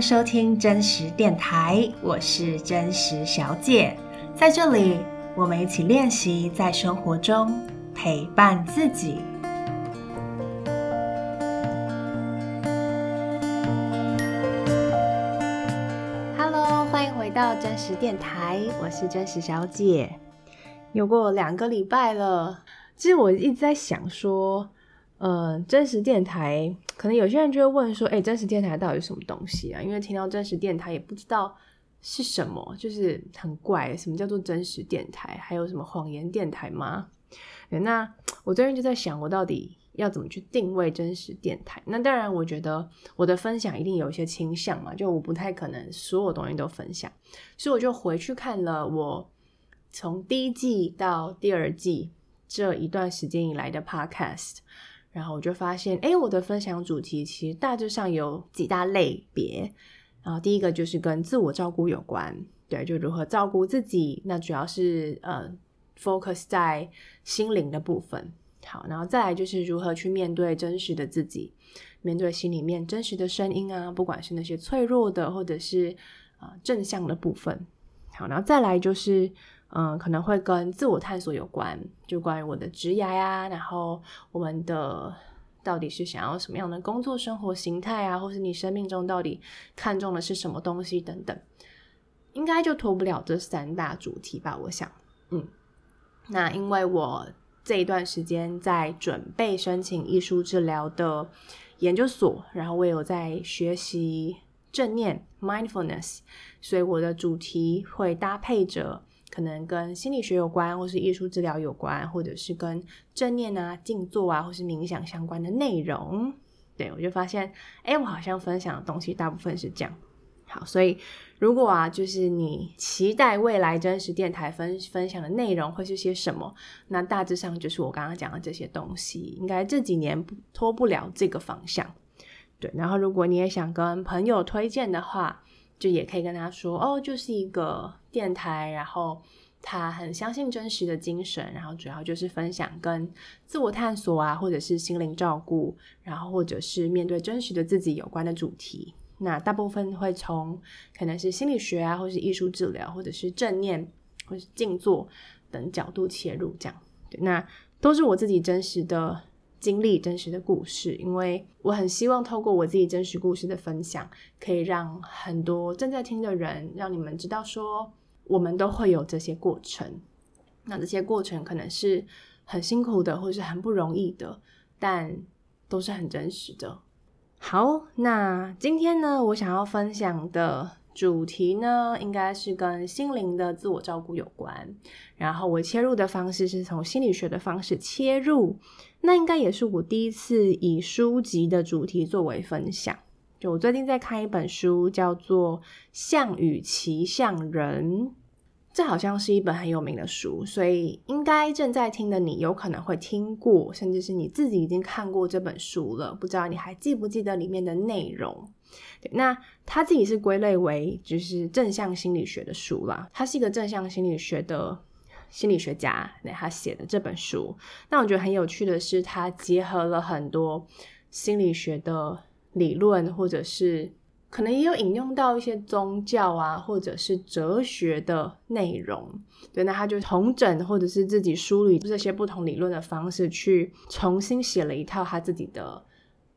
收聽真實電台，我是真實小姐，在這裡我們一起練習在生活中陪伴自己。Hello，歡迎回到真實電台，我是真實小姐。有過兩個禮拜了，其實我一直在想說，呃，真實電台可能有些人就會問說：“誒真實電台到底有什麼東西啊？”因為聽到真實電台也不知道是什麼，就是很怪。什麼叫做真實電台？還有什麼謊言電台嗎？那我最近就在想，我到底要怎麼去定位真實電台？那當然，我覺得我的分享一定有一些傾向嘛，就我不太可能所有東西都分享，所以我就回去看了我從第一季到第二季這一段時間以來的 podcast。然後我就發現，誒，我的分享主題其實大致上有幾大類別。然後第一個就是跟自我照顧有關，對，就如何照顧自己。那主要是呃，focus 在心靈的部分。好，然後再來就是如何去面對真實的自己，面對心裡面真實的聲音啊，不管是那些脆弱的，或者是，呃，正向的部分。好，然後再來就是。嗯，可能會跟自我探索有關，就關於我的職涯呀，啊，然後我們的到底是想要什麼樣的工作生活形態啊，或是你生命中到底看重的是什麼東西等等，應該就脫不了這三大主題吧。我想，嗯，那因為我這一段時間在準備申請藝術治療的研究所，然後我也有在學習正念 （mindfulness），所以我的主題會搭配着。可能跟心理學有關，或是藝術治療有關，或者是跟正念啊、靜坐啊，或是冥想相關的內容。對，我就發現，誒，我好像分享的東西大部分是這樣。好，所以如果啊，就是你期待未來真實電台分，分，分享的內容會是些什麼，那大致上就是我剛剛講的這些東西，應該這幾年不脫不了這個方向。對，然後如果你也想跟朋友推薦的話。就也可以跟他說，哦，就是一個電台，然後他很相信真實的精神，然後主要就是分享跟自我探索啊，或者是心靈照顧，然後或者是面對真實的自己有關的主題。那大部分會從可能是心理學啊，或是藝術治療，或者是正念，或是靜坐等角度切入，這樣。那都是我自己真實的。經歷真實的故事，因為我很希望透過我自己真實故事的分享，可以讓很多正在聽的人，讓你們知道說，我們都會有這些過程。那這些過程可能是很辛苦的，或是很不容易的，但都是很真實的。好，那今天呢，我想要分享的主題呢，應該是跟心靈的自我照顧有關。然後我切入的方式是從心理學的方式切入。那應該也是我第一次以書籍的主題作為分享。就我最近在看一本書，叫做《象與騎象人》，這好像是一本很有名的書，所以應該正在聽的你有可能會聽過，甚至是你自己已經看過這本書了。不知道你還記不記得裡面的內容？對。那他自己是歸類為就是正向心理學的書啦，它是一個正向心理學的。心理學家他寫的這本書，那我覺得很有趣的是，他結合了很多心理學的理論，或者是可能也有引用到一些宗教啊，或者是哲學的內容。對，那他就統整或者是自己梳理這些不同理論的方式，去重新寫了一套他自己的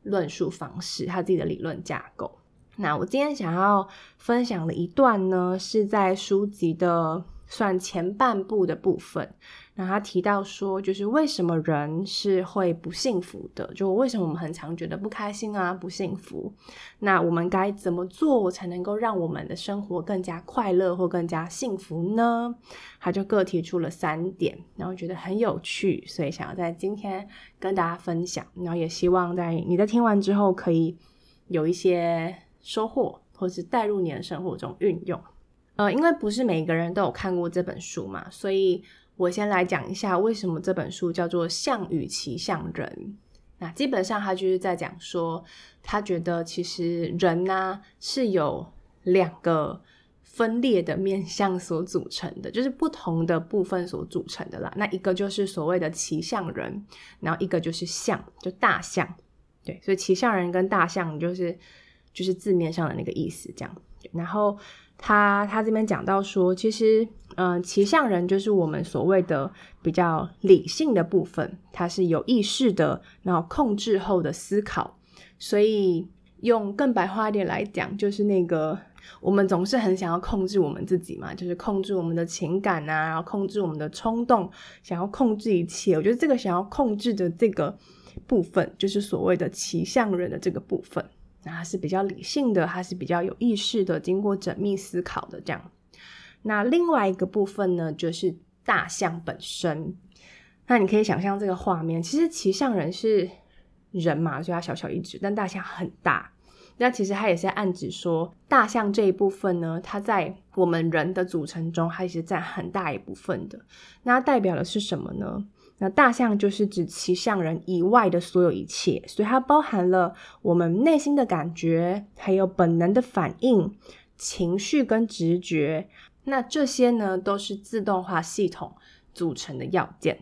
論述方式，他自己的理論架構。那我今天想要分享的一段呢，是在書籍的。算前半部的部分，然後他提到說，就是為什麼人是會不幸福的，就為什麼我們很常覺得不開心啊、不幸福，那我們該怎麼做才能夠讓我們的生活更加快樂或更加幸福呢？他就各提出了三點，然後覺得很有趣，所以想要在今天跟大家分享，然後也希望在你在聽完之後可以有一些收穫，或是帶入你的生活中運用。呃，因為不是每個人都有看過這本書嘛，所以我先來講一下為什麼這本書叫做《象與騎象人》。那基本上他就是在講說，他覺得其實人呢、啊、是有兩個分裂的面向所組成的，就是不同的部分所組成的啦。那一個就是所謂的騎象人，然後一個就是象，就大象。對，所以騎象人跟大象就是就是字面上的那個意思這樣。對，然後。他他這邊講到說，其實，嗯，騎象人就是我們所謂的比較理性的部分，他是有意識的，然後控制後的思考。所以，用更白話一點來講，就是那個我們總是很想要控制我們自己嘛，就是控制我們的情感啊，然後控制我們的衝動，想要控制一切。我覺得這個想要控制的這個部分，就是所謂的騎象人的這個部分。那他是比較理性的，他是比較有意識的，經過縝密思考的這樣。那另外一個部分呢，就是大象本身。那你可以想象這個畫面，其實騎象人是人嘛，就要小小一隻，但大象很大。那其實他也是在暗指說，大象這一部分呢，它在我們人的組成中，它其實佔很大一部分的。那它代表的是什麼呢？那大象就是指騎象人以外的所有一切，所以它包含了我們內心的感覺，還有本能的反應、情緒跟直覺。那這些呢，都是自動化系統組成的要件。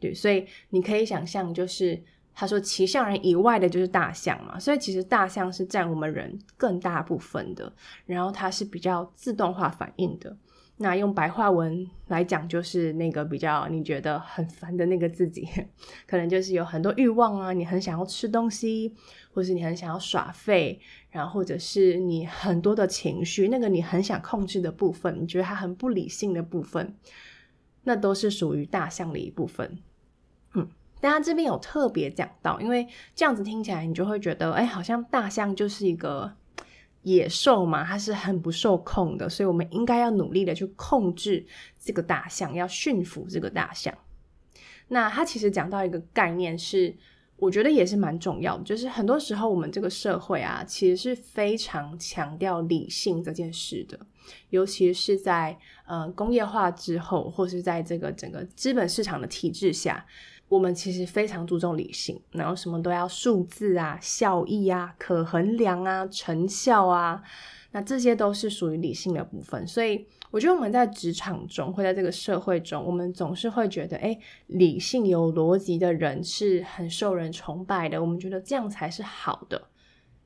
對，所以你可以想象，就是他說騎象人以外的就是大象嘛，所以其實大象是占我們人更大部分的，然後它是比較自動化反應的。那用白話文來講，就是那個比較你覺得很煩的那個自己，可能就是有很多慾望啊，你很想要吃東西，或是你很想要耍廢，然後或者是你很多的情緒，那個你很想控制的部分，你覺得它很不理性的部分，那都是屬於大象的一部分。嗯，大家這邊有特別講到，因為這樣子聽起來，你就會覺得，哎，好像大象就是一個。野獸嘛，它是很不受控的，所以我們應該要努力的去控制這個大象，要馴服這個大象。那他其實講到一個概念是，是我覺得也是蠻重要的，就是很多時候我們這個社會啊，其實是非常強調理性這件事的，尤其是在呃工業化之後，或是在這個整個資本市場的體制下。我們其實非常注重理性，然後什麼都要數字啊、效益啊、可衡量啊、成效啊，那這些都是屬於理性的部分。所以我覺得我們在職場中，或在這個社會中，我們總是會覺得，哎、欸，理性有邏輯的人是很受人崇拜的。我們覺得這樣才是好的，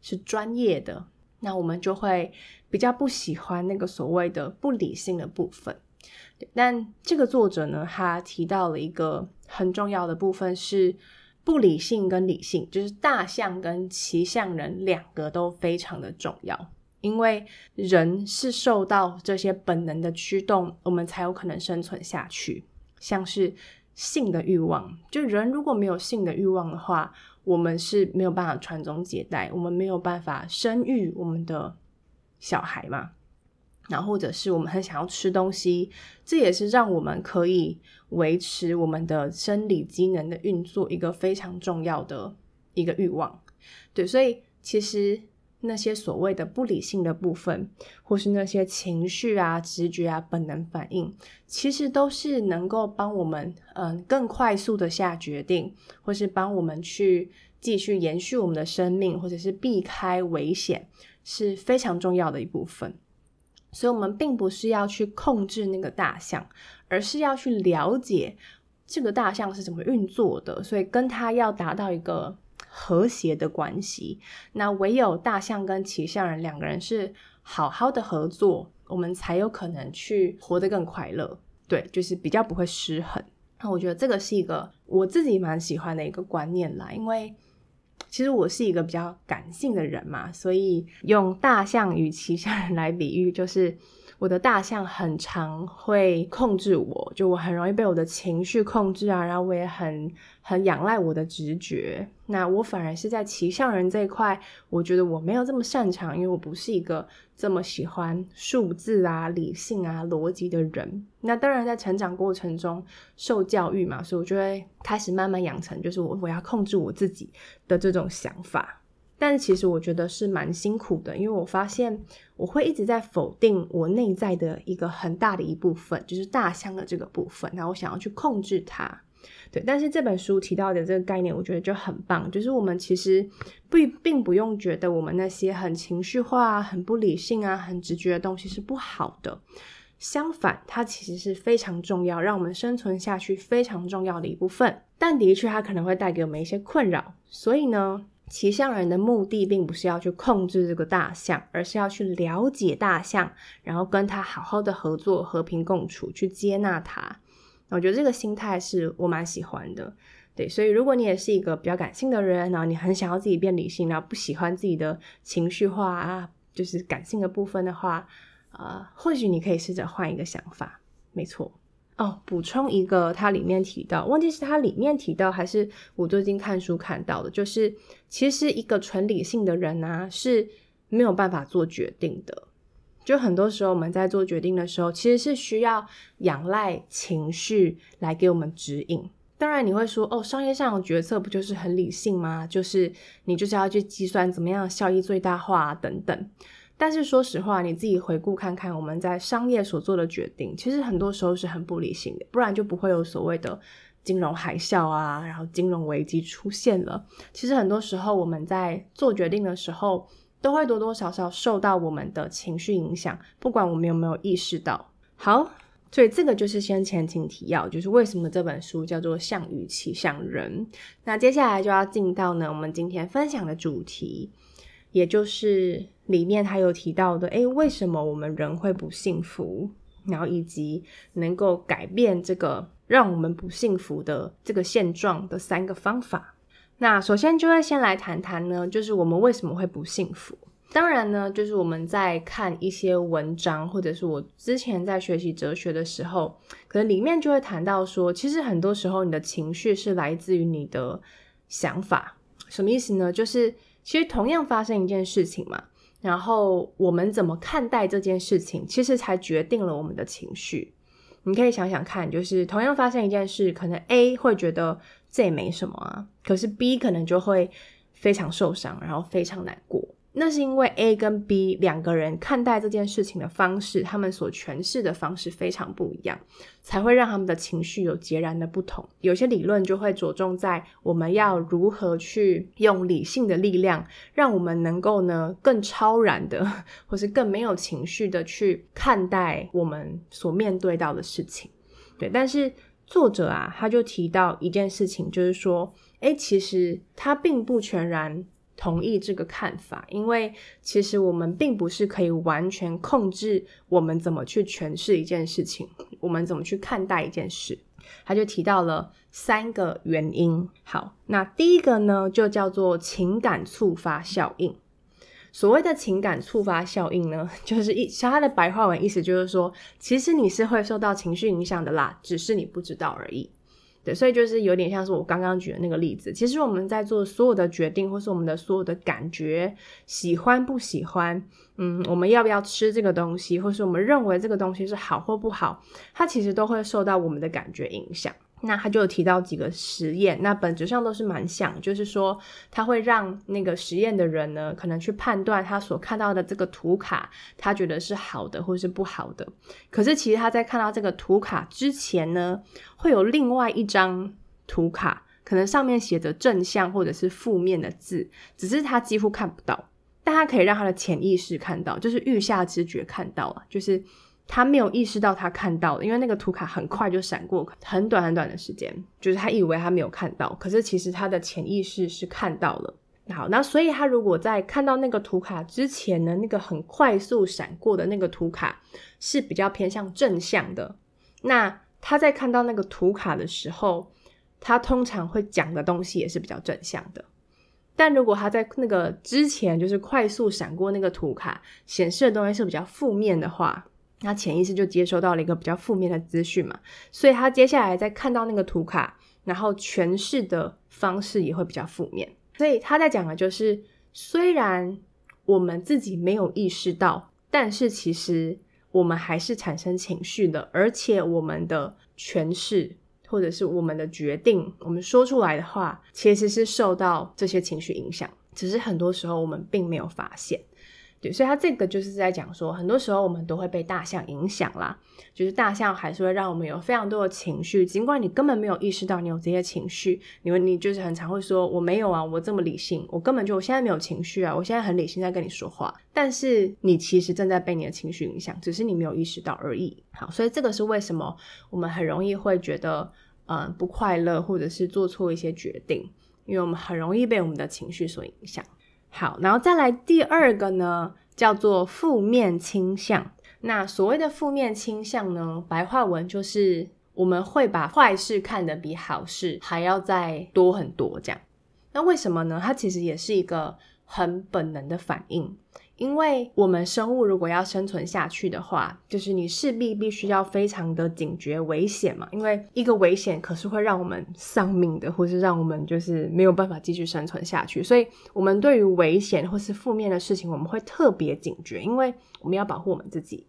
是專業的，那我們就會比較不喜歡那個所謂的不理性的部分。但這個作者呢，他提到了一個很重要的部分，是不理性跟理性，就是大象跟騎象人兩個都非常的重要。因為人是受到這些本能的驅動，我們才有可能生存下去。像是性的慾望，就人如果沒有性的慾望的話，我們是沒有辦法傳宗接代，我們沒有辦法生育我們的小孩嘛。然後或者是我們很想要吃東西，這也是讓我們可以維持我們的生理機能的運作一個非常重要的一個慾望。對，所以其實那些所謂的不理性的部分，或是那些情緒啊、直覺啊、本能反應，其實都是能夠幫我們嗯更快速的下決定，或是幫我們去繼續延續我們的生命，或者是避開危險，是非常重要的一部分。所以，我們並不是要去控制那個大象，而是要去了解這個大象是怎麼運作的。所以，跟他要達到一個和諧的關係，那唯有大象跟騎象人兩個人是好好的合作，我們才有可能去活得更快樂。對，就是比較不會失衡。那我覺得這個是一個我自己蠻喜歡的一個觀念啦，因為。其實我是一個比較感性的人嘛，所以用大象與騎象來比喻，就是。我的大象很常會控制我，就我很容易被我的情緒控制啊。然後我也很很仰賴我的直覺。那我反而是在騎象人這一塊，我覺得我沒有這麼擅長，因為我不是一個這麼喜歡數字啊、理性啊、邏輯的人。那當然，在成長過程中受教育嘛，所以我就會開始慢慢養成，就是我我要控制我自己的這種想法。但是其實我覺得是蠻辛苦的，因為我發現我會一直在否定我內在的一個很大的一部分，就是大象的這個部分。那我想要去控制它，對。但是這本書提到的這個概念，我覺得就很棒，就是我們其實並並不用覺得我們那些很情緒化啊、很不理性啊、很直覺的東西是不好的，相反，它其實是非常重要，讓我們生存下去非常重要的一部分。但的確，它可能會帶給我們一些困擾，所以呢。騎象人的目的並不是要去控制這個大象，而是要去了解大象，然後跟他好好的合作，和平共處，去接納他。那我覺得這個心態是我蠻喜歡的。對，所以如果你也是一個比較感性的人，然後你很想要自己變理性，然後不喜歡自己的情緒化啊，就是感性的部分的話，呃，或許你可以試着換一個想法。沒錯。哦，補充一個，它裡面提到，忘記是它裡面提到還是我最近看書看到的，就是其實是一個純理性的人呢，啊，是沒有辦法做決定的。就很多時候我們在做決定的時候，其實是需要仰賴情緒來給我們指引。當然你會說，哦，商業上的決策不就是很理性嗎？就是你就是要去計算怎麼樣效益最大化啊，等等。但是說實話，你自己回顧看看，我們在商業所做的決定，其實很多時候是很不理性的，不然就不會有所謂的金融海嘯啊，然後金融危機出現了。其實很多時候我們在做決定的時候，都會多多少少受到我們的情緒影響，不管我們有沒有意識到。好，所以這個就是先前情提要，就是為什麼這本書叫做《象與騎象人》。那接下來就要進到呢，我們今天分享的主題。也就是裡面他有提到的，哎、欸，為什麼我們人會不幸福？然後以及能夠改變這個讓我們不幸福的這個現狀的三個方法。那首先就會先來談談呢，就是我們為什麼會不幸福？當然呢，就是我們在看一些文章，或者是我之前在學習哲學的時候，可能裡面就會談到說，其實很多時候你的情緒是來自於你的想法。什麼意思呢？就是。其實同樣發生一件事情嘛，然後我們怎麼看待這件事情，其實才決定了我們的情緒。你可以想想看，就是同樣發生一件事，可能 A 會覺得這沒什麼啊，可是 B 可能就會非常受傷，然後非常難過。那是因為 A 跟 B 兩個人看待這件事情的方式，他們所詮釋的方式非常不一樣，才會讓他們的情緒有截然的不同。有些理論就會着重在我們要如何去用理性的力量，讓我們能夠呢更超然的，或是更沒有情緒的去看待我們所面對到的事情。對，但是作者啊，他就提到一件事情，就是說，哎，其實他並不全然，同意這個看法，因為其實我們並不是可以完全控制我們怎麼去詮釋一件事情，我們怎麼去看待一件事。他就提到了三個原因。好，那第一個呢，就叫做情感觸發效應。所謂的情感觸發效應呢，就是一，像它的白話文意思就是說，其實你是會受到情緒影響的啦，只是你不知道而已。對，所以就是有點像是我剛剛舉的那個例子，其實我們在做所有的決定，或是我們的所有的感覺，喜歡不喜歡，嗯，我們要不要吃這個東西，或是我們認為這個東西是好或不好，它其實都會受到我們的感覺影響。那他就有提到幾個實驗，那本質上都是蠻像，就是說他會讓那個實驗的人呢，可能去判斷他所看到的這個圖卡，他覺得是好的或是不好的。可是其實他在看到這個圖卡之前呢，會有另外一張圖卡，可能上面寫着正向或者是負面的字，只是他幾乎看不到，但他可以讓他的潛意識看到，就是閾下知覺看到啊，就是。他沒有意識到他看到的，因為那個圖卡很快就閃過，很短很短的時間，就是他以為他沒有看到，可是其實他的潛意識是看到了。好，那所以他如果在看到那個圖卡之前呢，那個很快速閃過的那個圖卡是比較偏向正向的，那他在看到那個圖卡的時候，他通常會講的東西也是比較正向的。但如果他在那個之前就是快速閃過那個圖卡顯示的東西是比較負面的話，他潛意識就接收到了一個比較負面的資訊嘛，所以他接下來再看到那個圖卡，然後詮釋的方式也會比較負面。所以他在講的就是，雖然我們自己沒有意識到，但是其實我們還是產生情緒的，而且我們的詮釋或者是我們的決定，我們說出來的話，其實是受到這些情緒影響，只是很多時候我們並沒有發現。對，所以他這個就是在講說，很多時候我們都會被大象影響啦，就是大象還是會讓我們有非常多的情緒，儘管你根本沒有意識到你有這些情緒，因為你就是很常會說我沒有啊，我這麼理性，我根本就我現在沒有情緒啊，我現在很理性在跟你說話，但是你其實正在被你的情緒影響，只是你沒有意識到而已。好，所以這個是為什麼我們很容易會覺得嗯不快樂，或者是做錯一些決定，因為我們很容易被我們的情緒所影響。好，然後再來第二個呢，叫做負面傾向。那所謂的負面傾向呢，白話文就是我們會把壞事看得比好事還要再多很多這樣。那為什麼呢？它其實也是一個很本能的反應。因為我們生物如果要生存下去的話，就是你勢必必須要非常的警覺危險嘛。因為一個危險可是會讓我們喪命的，或是讓我們就是沒有辦法繼續生存下去。所以，我們對於危險或是負面的事情，我們會特別警覺，因為我們要保護我們自己。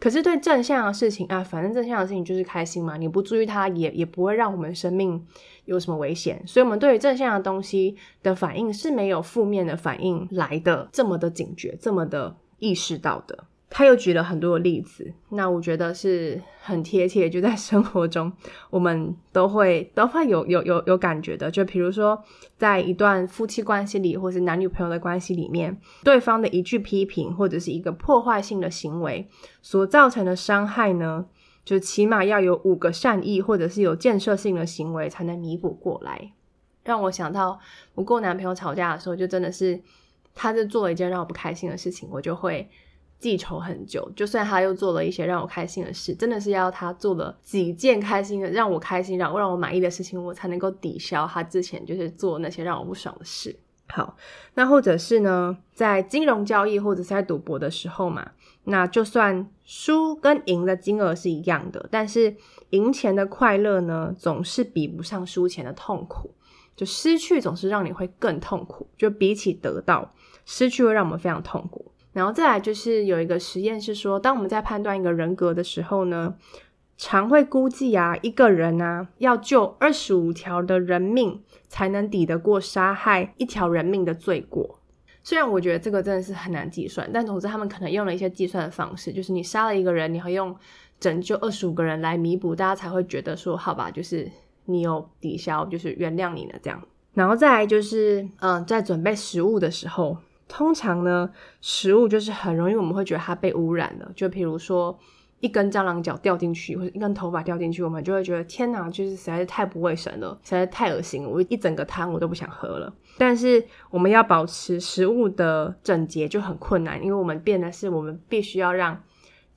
可是對正向的事情啊，反正正向的事情就是開心嘛，你不注意它也也不會讓我們生命有什麼危險，所以，我們對於正向的東西的反應是沒有負面的反應來的這麼的警覺，這麼的意識到的。他又舉了很多的例子，那我覺得是很貼切，就在生活中，我們都會都會有有有有感覺的。就比如說，在一段夫妻關係裡，或是男女朋友的關係裡面，對方的一句批評或者是一個破壞性的行為所造成的傷害呢，就起碼要有五個善意或者是有建設性的行為才能彌補過來。讓我想到，我跟我男朋友吵架的時候，就真的是，他就做了一件讓我不開心的事情，我就會。記仇很久，就算他又做了一些讓我開心的事，真的是要他做了幾件開心的、讓我開心、讓我讓我滿意的事情，我才能夠抵消他之前就是做那些讓我不爽的事。好，那或者是呢，在金融交易或者是在賭博的時候嘛，那就算輸跟贏的金額是一樣的，但是贏錢的快樂呢，總是比不上輸錢的痛苦。就失去總是讓你會更痛苦，就比起得到，失去會讓我們非常痛苦。然後再來就是有一個實驗，是說當我們在判斷一個人格的時候呢，常會估計啊，一個人啊要救二十五條的人命才能抵得過殺害一條人命的罪過。雖然我覺得這個真的是很難計算，但總之他們可能用了一些計算的方式，就是你殺了一個人，你要用拯救二十五個人來彌補，大家才會覺得說好吧，就是你有抵消，就是原諒你了這樣。然後再來就是嗯、呃，在準備食物的時候。通常呢，食物就是很容易，我們會覺得它被汙染了。就比如說，一根蟑螂腳掉進去，或者一根頭髮掉進去，我們就會覺得天哪，就是實在是太不衛生了，實在是太噁心了。我一整個湯我都不想喝了。但是我們要保持食物的整潔就很困難，因為我們變的是，我們必須要讓。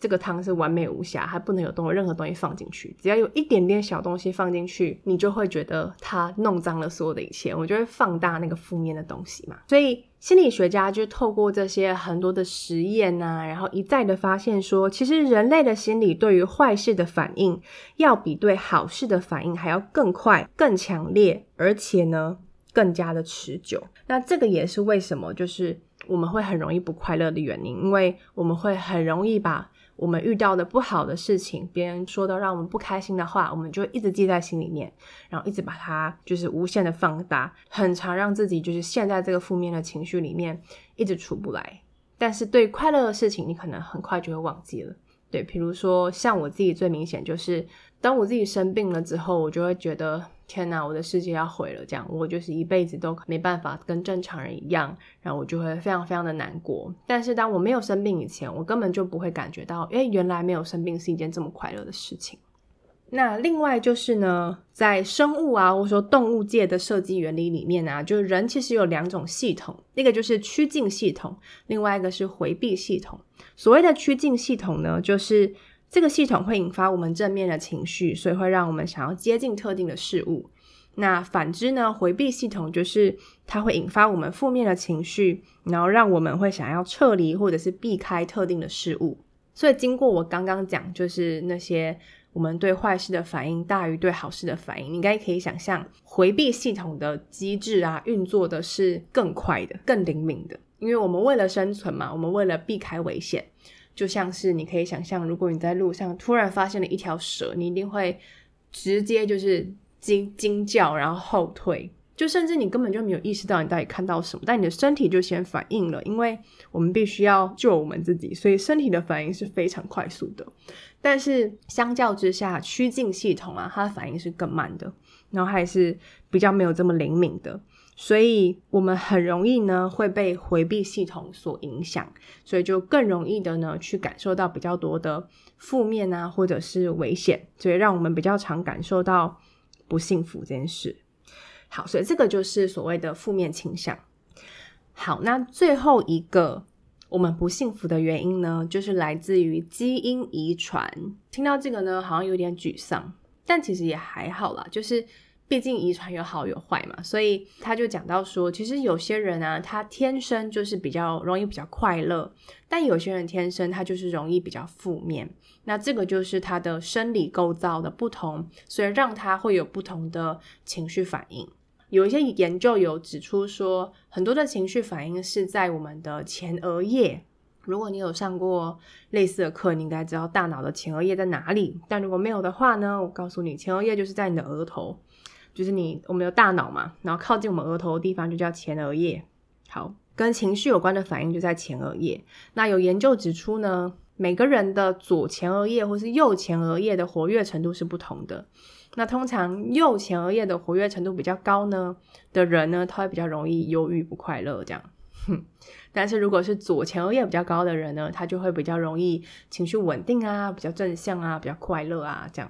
這個湯是完美無瑕，還不能有任何東西放進去。只要有一點點小東西放進去，你就會覺得它弄髒了所有的一切。我就會放大那個負面的東西嘛。所以心理學家就透過這些很多的實驗啊，然後一再的發現說，其實人類的心理對於壞事的反應，要比對好事的反應還要更快、更強烈，而且呢更加的持久。那這個也是為什麼就是我們會很容易不快樂的原因，因為我們會很容易把。我們遇到的不好的事情，別人說的讓我們不開心的話，我們就一直記在心裡面，然後一直把它就是無限的放大，很常讓自己就是陷在這個負面的情緒裡面，一直出不來。但是對快樂的事情，你可能很快就會忘記了。對，比如說像我自己最明顯就是。當我自己生病了之後，我就會覺得天哪，我的世界要毀了，這樣我就是一輩子都沒辦法跟正常人一樣，然後我就會非常非常的難過。但是當我沒有生病以前，我根本就不會感覺到，哎，原來沒有生病是一件這麼快樂的事情。那另外就是呢，在生物啊或者說動物界的設計原理裡面啊，就是人其實有兩種系統，一個就是趨近系統，另外一個是迴避系統。所謂的趨近系統呢，就是，這個系統會引發我們正面的情緒，所以會讓我們想要接近特定的事物。那反之呢？回避系統就是它會引發我們負面的情緒，然後讓我們會想要撤離或者是避開特定的事物。所以經過我剛剛講，就是那些我們對壞事的反應大於對好事的反應，你應該可以想象回避系統的機制啊，運作的是更快的、更靈敏的，因為我們為了生存嘛，我們為了避開危險。就像是你可以想象，如果你在路上突然發現了一條蛇，你一定會直接就是驚驚叫，然後後退。就甚至你根本就沒有意識到你到底看到什麼，但你的身體就先反應了，因為我們必須要救我們自己，所以身體的反應是非常快速的。但是相較之下，趨近系統啊，它的反應是更慢的，然後還是比較沒有這麼靈敏的。所以，我們很容易呢會被回避系統所影響，所以就更容易的呢去感受到比較多的負面啊，或者是危險，所以讓我們比較常感受到不幸福這件事。好，所以這個就是所謂的負面傾向。好，那最後一個我們不幸福的原因呢，就是來自於基因遺傳。聽到這個呢，好像有點沮喪，但其實也還好啦，就是。畢竟遺傳有好有壞嘛，所以他就講到說，其實有些人啊，他天生就是比較容易比較快樂，但有些人天生他就是容易比較負面。那這個就是他的生理構造的不同，所以讓他會有不同的情緒反應。有一些研究有指出說，很多的情緒反應是在我們的前額葉。如果你有上過類似的課，你應該知道大腦的前額葉在哪裡？但如果沒有的話呢，我告訴你，前額葉就是在你的額頭。就是你，我們有大腦嘛，然後靠近我們額頭的地方就叫前額葉。好，跟情緒有關的反應就在前額葉。那有研究指出呢，每個人的左前額葉或是右前額葉的活躍程度是不同的。那通常右前額葉的活躍程度比較高呢的人呢，他會比較容易憂鬱不快樂這樣。哼。但是如果是左前額葉比較高的人呢，他就會比較容易情緒穩定啊，比較正向啊，比較快樂啊這樣。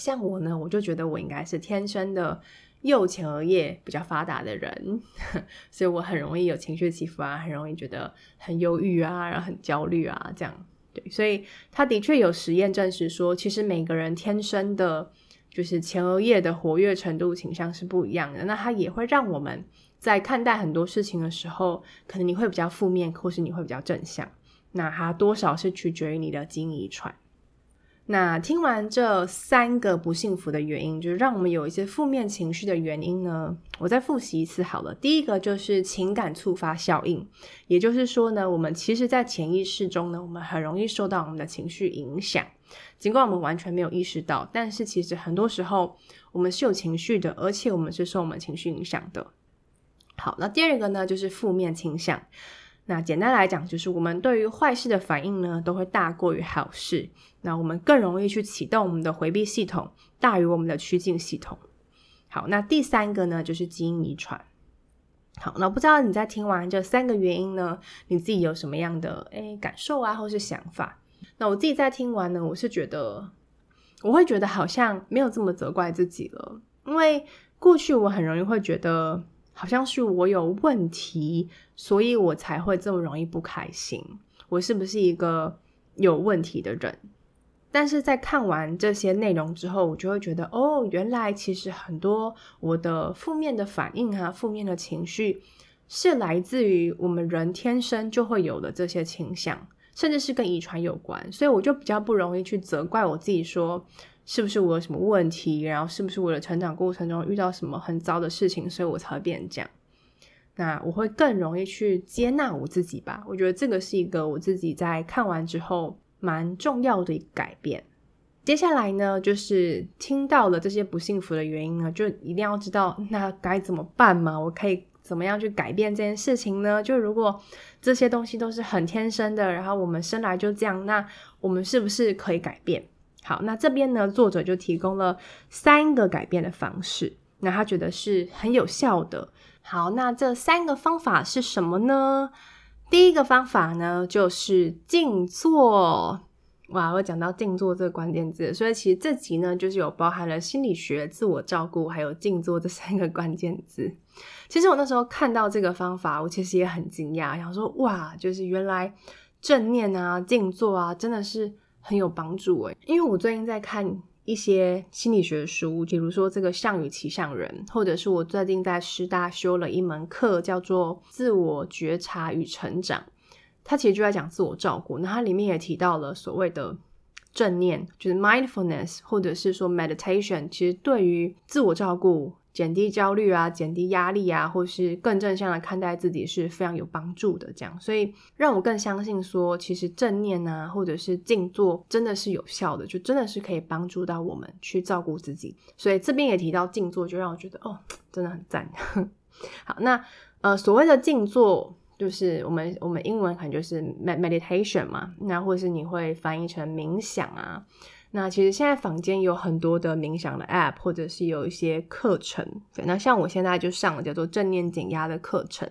像我呢，我就覺得我應該是天生的右前額葉比較發達的人， 所以我很容易有情緒起伏啊，很容易覺得很憂鬱啊，然後很焦慮啊，這樣。對，所以他的確有實驗證實說，其實每個人天生的就是前額葉的活躍程度、傾向是不一樣的。那它也會讓我們在看待很多事情的時候，可能你會比較負面，或是你會比較正向。那它多少是取決於你的基因遺傳。那聽完這三個不幸福的原因，就是讓我們有一些負面情緒的原因呢，我再複習一次好了。第一個就是情感觸發效應，也就是說呢，我們其實在潛意識中呢，我們很容易受到我們的情緒影響，儘管我們完全沒有意識到，但是其實很多時候我們是有情緒的，而且我們是受我們情緒影響的。好，那第二個呢，就是負面傾向。那簡單來講，就是我們對於壞事的反應呢，都會大過於好事。那我們更容易去啟動我們的回避系統，大於我們的趨近系統。好，那第三個呢，就是基因遺傳。好，那不知道你在聽完這三個原因呢，你自己有什麼樣的，誒，感受啊，或是想法？那我自己在聽完呢，我是覺得，我會覺得好像沒有這麼責怪自己了，因為過去我很容易會覺得。好像是我有問題，所以我才會這麼容易不開心。我是不是一個有問題的人？但是在看完這些內容之後，我就會覺得，哦，原來其實很多我的負面的反應啊，負面的情緒，是來自於我們人天生就會有的這些傾向，甚至是跟遺傳有關。所以我就比較不容易去責怪我自己說。是不是我有什麼問題？然後是不是我的成長過程中遇到什麼很糟的事情，所以我才會變成這樣？那我會更容易去接納我自己吧？我覺得這個是一個我自己在看完之後蠻重要的一個改變。接下來呢，就是聽到了這些不幸福的原因呢，就一定要知道那該怎麼辦嘛。我可以怎麼樣去改變這件事情呢？就如果這些東西都是很天生的，然後我們生來就這樣，那我們是不是可以改變？好，那這邊呢，作者就提供了三個改變的方式，那他覺得是很有效的。好，那這三個方法是什麼呢？第一個方法呢，就是靜坐。哇，我講到靜坐這個關鍵字，所以其實這集呢，就是有包含了心理學、自我照顧，還有靜坐這三個關鍵字。其實我那時候看到這個方法，我其實也很驚訝，然後說哇，就是原來正念啊、靜坐啊，真的是。很有幫助誒，因為我最近在看一些心理學書，比如說這個《象與騎象人》，或者是我最近在師大修了一門課叫做《自我覺察與成長》，它其實就在講自我照顧。那它裡面也提到了所謂的正念，就是 mindfulness，或者是說 meditation，其實對於自我照顧。減低焦慮啊，減低壓力啊，或是更正向地看待自己是非常有幫助的。這樣，所以讓我更相信說，其實正念啊，或者是靜坐，真的是有效的，就真的是可以幫助到我們去照顧自己。所以這邊也提到靜坐，就讓我覺得哦，真的很讚。 好，那呃，所謂的靜坐，就是我們我們英文可能就是 meditation 嘛，那或是你會翻譯成冥想啊。那其實現在坊間有很多的冥想的 App，或者是有一些課程。對，那像我現在就上了叫做正念減壓的課程，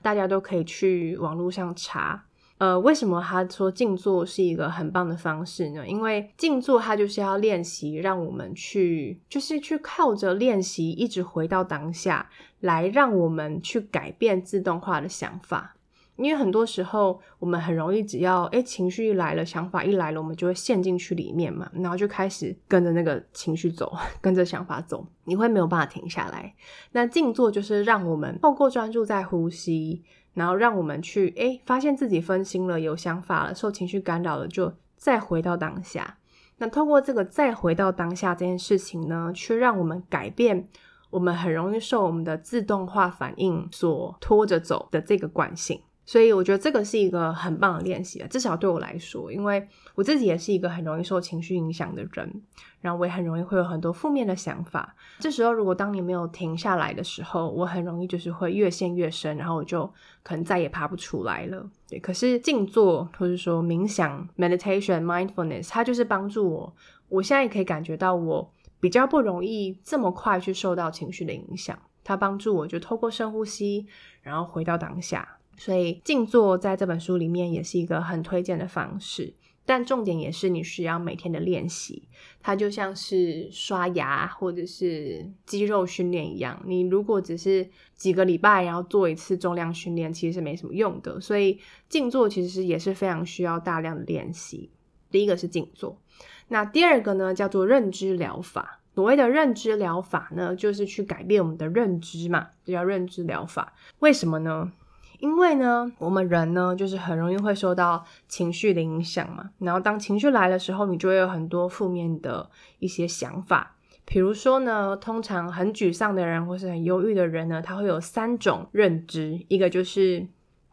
大家都可以去網絡上查。呃，為什麼他說靜坐是一個很棒的方式呢？因為靜坐它就是要練習，讓我們去就是去靠着練習，一直回到當下，來讓我們去改變自動化的想法。因為很多時候，我們很容易，只要哎情緒一來了，想法一來了，我們就會陷進去裡面嘛，然後就開始跟着那個情緒走，跟着想法走，你會沒有辦法停下來。那靜坐就是讓我們透過專注在呼吸，然後讓我們去哎發現自己分心了、有想法了、受情緒干擾了，就再回到當下。那透過這個再回到當下這件事情呢，卻讓我們改變，我們很容易受我們的自動化反應所拖着走的這個慣性。所以我覺得這個是一個很棒的練習啊，至少對我來說，因為我自己也是一個很容易受情緒影響的人，然後我也很容易會有很多負面的想法。這時候，如果當你沒有停下來的時候，我很容易就是會越陷越深，然後我就可能再也爬不出來了。對，可是靜坐或者說冥想 （meditation, mindfulness） 它就是幫助我，我現在也可以感覺到我比較不容易這麼快去受到情緒的影響。它幫助我就透過深呼吸，然後回到當下。所以靜坐在這本書裡面也是一個很推薦的方式，但重點也是你需要每天的練習。它就像是刷牙或者是肌肉訓練一樣，你如果只是幾個禮拜然後做一次重量訓練，其實是沒什麼用的。所以靜坐其實也是非常需要大量的練習。第一個是靜坐，那第二個呢，叫做認知療法。所謂的認知療法呢，就是去改變我們的認知嘛，就叫認知療法。為什麼呢？因為呢，我們人呢，就是很容易會受到情緒的影響嘛。然後，當情緒來的時候，你就會有很多負面的一些想法。比如說呢，通常很沮喪的人或是很憂鬱的人呢，他會有三種認知：一個就是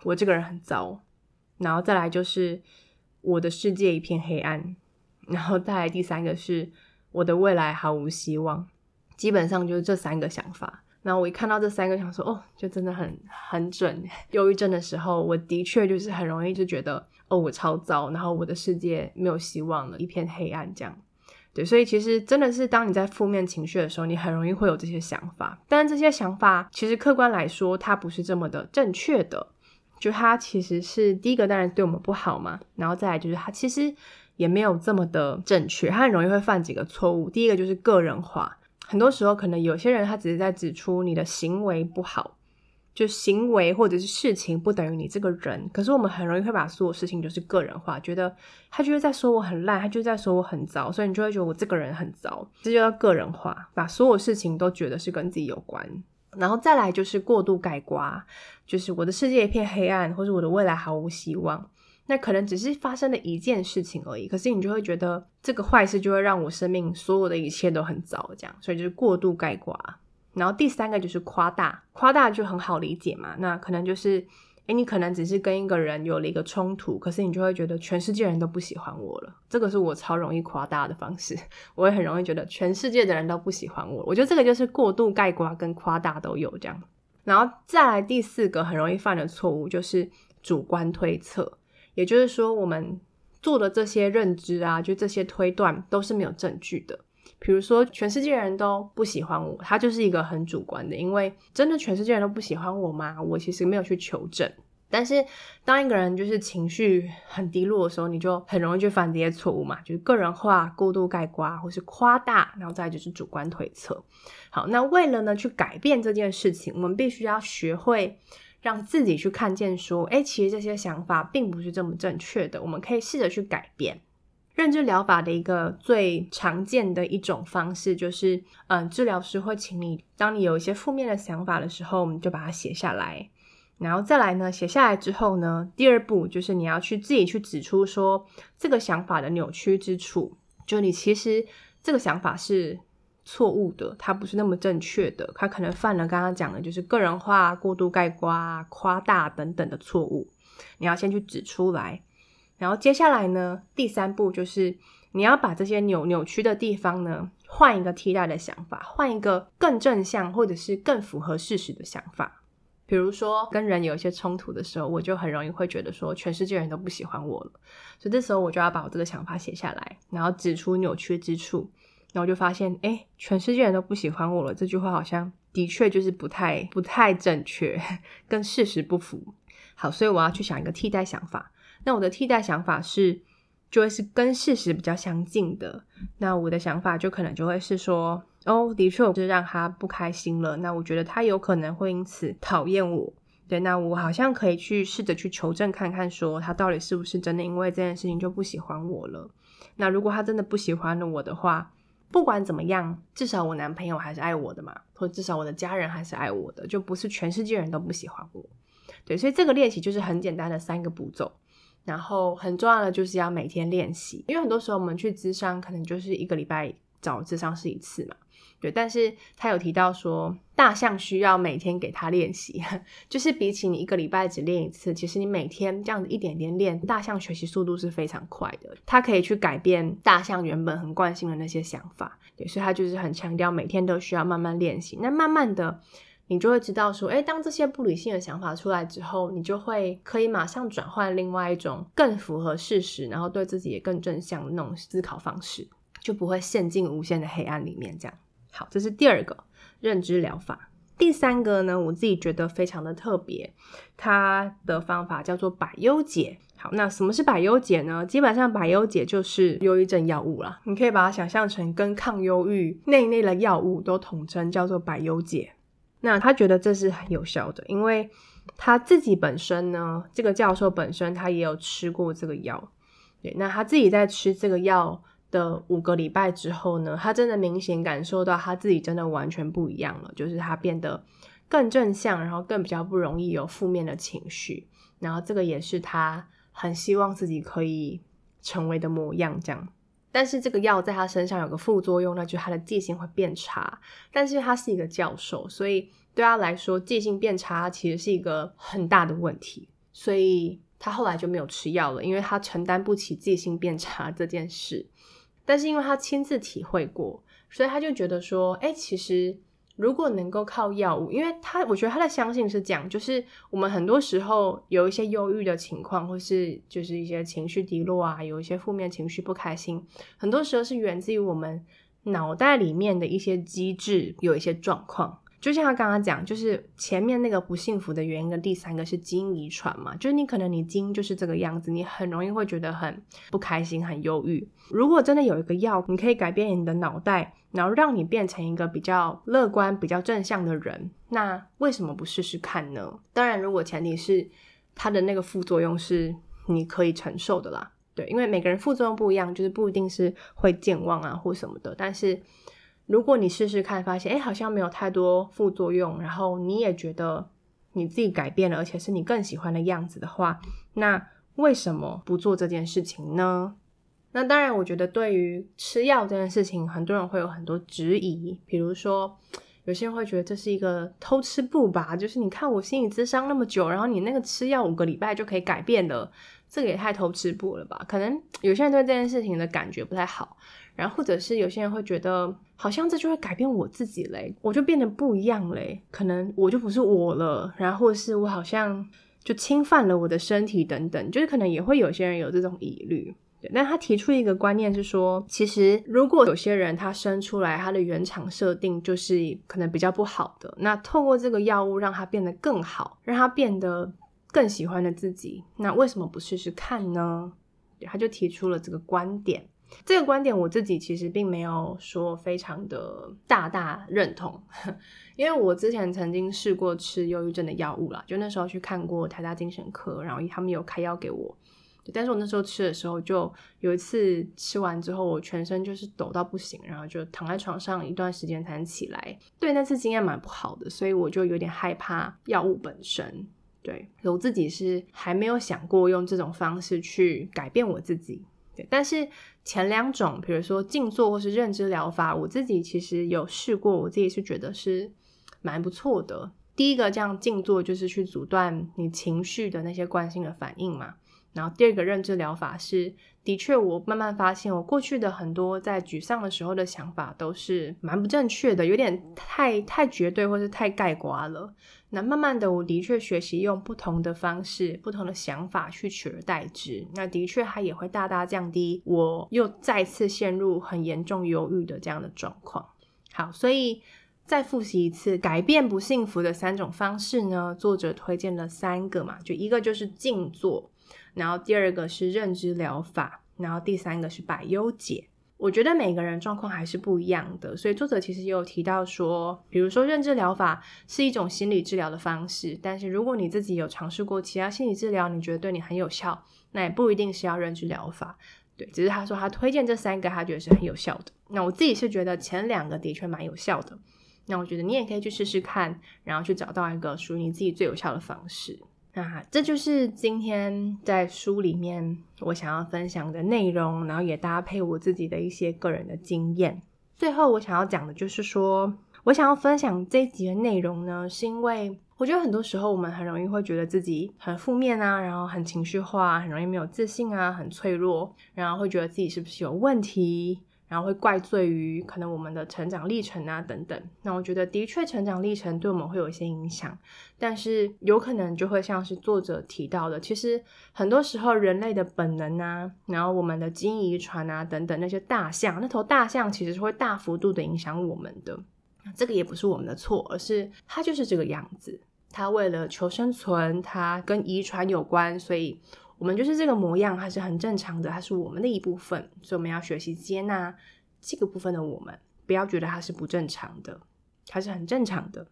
我這個人很糟，然後再來就是我的世界一片黑暗，然後再來第三個是我的未來毫無希望。基本上就是這三個想法。然後我一看到這三個，想說哦，就真的很很準。憂 鬱症的時候，我的確就是很容易就覺得哦，我超糟，然後我的世界沒有希望了，一片黑暗這樣。對，所以其實真的是當你在負面情緒的時候，你很容易會有這些想法。但這些想法其實客觀來說，它不是這麼的正確的。就它其實是第一個，當然對我們不好嘛。然後再來就是它其實也沒有這麼的正確，它很容易會犯幾個錯誤。第一個就是個人化。很多時候，可能有些人他只是在指出你的行為不好，就行為或者是事情不等於你這個人。可是我們很容易會把所有事情就是個人化，覺得他就是在說我很爛，他就在說我很糟，所以你就會覺得我這個人很糟，這就叫個人化，把所有事情都覺得是跟自己有關。然後再來就是過度概括，就是我的世界一片黑暗，或者我的未來毫無希望。那可能只是發生了一件事情而已，可是你就會覺得這個壞事就會讓我生命所有的一切都很糟這樣，所以就是過度概括。然後第三個就是誇大，誇大就很好理解嘛。那可能就是，哎，你可能只是跟一個人有了一個衝突，可是你就會覺得全世界人都不喜歡我了。這個是我超容易誇大的方式，我也很容易覺得全世界的人都不喜歡我。我覺得這個就是過度概括跟誇大都有這樣。然後再來第四個很容易犯的錯誤，就是主觀推測。也就是說，我們做的這些認知啊，就這些推斷都是沒有證據的。比如說，全世界人都不喜歡我，他就是一個很主觀的。因為真的全世界人都不喜歡我嗎？我其實沒有去求證。但是，當一個人就是情緒很低落的時候，你就很容易去犯這些錯誤嘛，就是個人化、過度概括或是誇大，然後再就是主觀推測。好，那為了呢去改變這件事情，我們必須要學會。讓自己去看見說，哎，其實這些想法並不是這麼正確的。我們可以試着去改變。認知療法的一個最常見的一種方式就是，嗯，治療師會請你，當你有一些負面的想法的時候，我們就把它寫下來。然後再來呢，寫下來之後呢，第二步就是你要去自己去指出說，這個想法的扭曲之處，就你其實這個想法是。錯誤的，它不是那麼正確的，它可能犯了剛剛講的，就是個人化、過度概括、誇大等等的錯誤。你要先去指出來，然後接下來呢，第三步就是你要把這些扭扭曲的地方呢，換一個替代的想法，換一個更正向或者是更符合事實的想法。比如說，跟人有一些衝突的時候，我就很容易會覺得說，全世界人都不喜歡我了，所以這時候我就要把我這個想法寫下來，然後指出扭曲之處。然後就發現，哎，全世界人都不喜歡我了。這句話好像的確就是不太不太正確，跟事實不符。好，所以我要去想一個替代想法。那我的替代想法是，就會是跟事實比較相近的。那我的想法就可能就會是說，哦，的確我是讓他不開心了。那我覺得他有可能會因此討厭我。對，那我好像可以去試着去求證看看，說他到底是不是真的因為這件事情就不喜歡我了。那如果他真的不喜歡了我的話，不管怎麼樣，至少我男朋友還是愛我的嘛，或者至少我的家人還是愛我的，就不是全世界人都不喜歡我，對。所以這個練習就是很簡單的三個步驟，然後很重要的就是要每天練習，因為很多時候我們去諮商可能就是一個禮拜找諮商師一次嘛。對，但是他有提到說，大象需要每天給它練習，就是比起你一個禮拜只練一次，其實你每天這樣子一點點練，大象學習速度是非常快的。它可以去改變大象原本很慣性的那些想法，對，所以他就是很強調每天都需要慢慢練習。那慢慢的，你就會知道說，哎，當這些不理性的想法出來之後，你就會可以馬上轉換另外一種更符合事實，然後對自己也更正向的那種思考方式，就不會陷進無限的黑暗裡面這樣。好，這是第二個認知療法。第三個呢，我自己覺得非常的特別，它的方法叫做百憂解。好，那什麼是百憂解呢？基本上百憂解就是憂鬱症藥物啦。你可以把它想象成跟抗憂鬱那一類的藥物都統稱叫做百憂解。那他覺得這是很有效的，因為他自己本身呢，這個教授本身他也有吃過這個藥。對，那他自己在吃這個藥。的五個禮拜之後呢，他真的明顯感受到他自己真的完全不一樣了，就是他變得更正向，然後更比較不容易有負面的情緒，然後這個也是他很希望自己可以成為的模樣。這樣，但是這個藥在他身上有個副作用，那就是他的記性會變差。但是他是一個教授，所以對他來說，記性變差其實是一個很大的問題，所以他後來就沒有吃藥了，因為他承擔不起記性變差這件事。但是因為他親自體會過，所以他就覺得說，哎、欸，其實如果能夠靠藥物，因為他我覺得他的相信是這樣，就是我們很多時候有一些憂鬱的情況，或是就是一些情緒低落啊，有一些負面情緒不開心，很多時候是源自於我們腦袋裡面的一些機制，有一些狀況。就像他剛剛講，就是前面那個不幸福的原因的第三個是基因遺傳嘛，就是你可能你基因就是這個樣子，你很容易會覺得很不開心、很憂鬱。如果真的有一個藥，你可以改變你的腦袋，然後讓你變成一個比較樂觀、比較正向的人，那為什麼不試試看呢？當然，如果前提是它的那個副作用是你可以承受的啦。對，因為每個人副作用不一樣，就是不一定是會健忘啊或什麼的，但是。如果你試試看，發現哎，好像沒有太多副作用，然後你也覺得你自己改變了，而且是你更喜歡的樣子的話，那為什麼不做這件事情呢？那當然，我覺得對於吃藥這件事情，很多人會有很多質疑，比如說，有些人會覺得這是一個偷吃步吧，就是你看我心理諮商那麼久，然後你那個吃藥五個禮拜就可以改變了，這個也太偷吃步了吧？可能有些人對這件事情的感覺不太好，然後或者是有些人會覺得。好像這就會改變我自己嘞，我就變得不一樣嘞，可能我就不是我了，然後是我好像就侵犯了我的身體等等，就是可能也會有些人有這種疑慮。對，但他提出一個觀念是說，其實如果有些人他生出來他的原廠設定就是可能比較不好的，那透過這個藥物讓他變得更好，讓他變得更喜歡的自己，那為什麼不試試看呢？對，他就提出了這個觀點。這個觀點我自己其實並沒有說非常的大大認同，因為我之前曾經試過吃憂鬱症的藥物啦，就那時候去看過台大精神科，然後他們有開藥給我，但是我那時候吃的時候就有一次吃完之後，我全身就是抖到不行，然後就躺在床上一段時間才能起來，對，那次經驗蠻不好的，所以我就有點害怕藥物本身，對，我自己是還沒有想過用這種方式去改變我自己。但是前兩種，比如說靜坐或是認知療法，我自己其實有試過，我自己是覺得是蠻不錯的。第一個這樣靜坐，就是去阻斷你情緒的那些慣性的反應嘛。然後第二個認知療法是。的確，我慢慢發現，我過去的很多在沮喪的時候的想法都是蠻不正確的，有點太太絕對或是太概括了。那慢慢的，我的確學習用不同的方式、不同的想法去取而代之。那的確，它也會大大降低我又再次陷入很嚴重憂鬱的這樣的狀況。好，所以再複習一次，改變不幸福的三種方式呢？作者推薦了三個嘛，就一個就是靜坐。然後第二個是認知療法，然後第三個是百憂解。我覺得每個人狀況還是不一樣的，所以作者其實也有提到說，比如說認知療法是一種心理治療的方式，但是如果你自己有嘗試過其他心理治療，你覺得對你很有效，那也不一定是要認知療法。對，只是他說他推薦這三個，他覺得是很有效的。那我自己是覺得前兩個的確蠻有效的，那我覺得你也可以去試試看，然後去找到一個屬於你自己最有效的方式。那、啊、這就是今天在書裡面我想要分享的內容，然後也搭配我自己的一些個人的經驗。最後我想要講的就是說，我想要分享這一集的內容呢，是因為我覺得很多時候我們很容易會覺得自己很負面啊，然後很情緒化，很容易沒有自信啊，很脆弱，然後會覺得自己是不是有問題。然後會怪罪於可能我們的成長歷程啊等等。那我覺得的確成長歷程對我們會有一些影響，但是有可能就會像是作者提到的，其實很多時候人類的本能啊，然後我們的基因遺傳啊等等那些大象，那頭大象其實是會大幅度的影響我們的。這個也不是我們的錯，而是它就是這個樣子。它為了求生存，它跟遺傳有關，所以。我們就是這個模樣，它是很正常的，它是我們的一部分，所以我們要學習接納這個部分的我們，不要覺得它是不正常的，它是很正常的。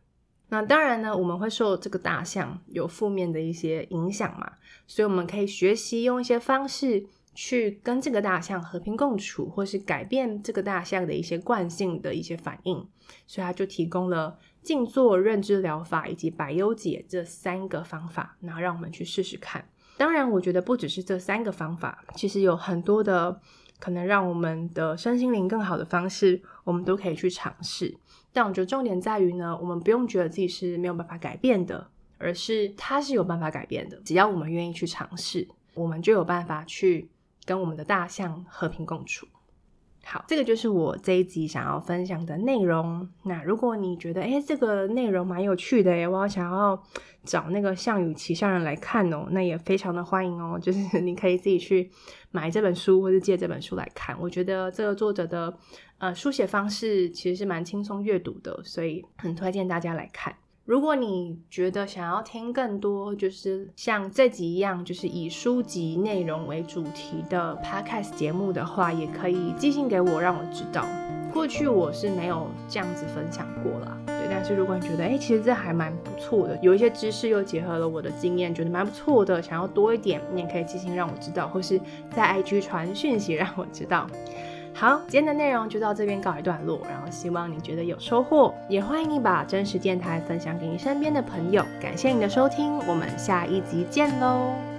那當然呢，我們會受這個大象有負面的一些影響嘛，所以我們可以學習用一些方式去跟這個大象和平共處，或是改變這個大象的一些慣性的一些反應。所以它就提供了靜坐、認知療法以及百憂解這三個方法，然後讓我們去試試看。當然，我覺得不只是這三個方法，其實有很多的可能讓我們的身心靈更好的方式，我們都可以去嘗試。但我覺得重點在於呢，我們不用覺得自己是沒有辦法改變的，而是它是有辦法改變的，只要我們願意去嘗試，我們就有辦法去跟我們的大象和平共處。好，這個就是我這一集想要分享的內容。那如果你覺得，哎，這個內容蠻有趣的誒，我好想要找那個《象與騎象人》來看哦，那也非常的歡迎哦。就是你可以自己去買這本書，或者借這本書來看。我覺得這個作者的呃書寫方式其實是蠻輕鬆閱讀的，所以很推薦大家來看。如果你覺得想要聽更多，就是像這集一樣，就是以書籍內容為主題的 podcast 節目的話，也可以寄信給我，讓我知道。過去我是沒有這樣子分享過啦，對。但是如果你覺得，哎、欸，其實這還蠻不錯的，有一些知識又結合了我的經驗，覺得蠻不錯的，想要多一點，你也可以寄信讓我知道，或是在 IG 傳訊息讓我知道。好，今天的內容就到這邊告一段落，然後希望你覺得有收穫，也歡迎你把真實電台分享給你身邊的朋友。感謝你的收聽，我們下一集見嘍。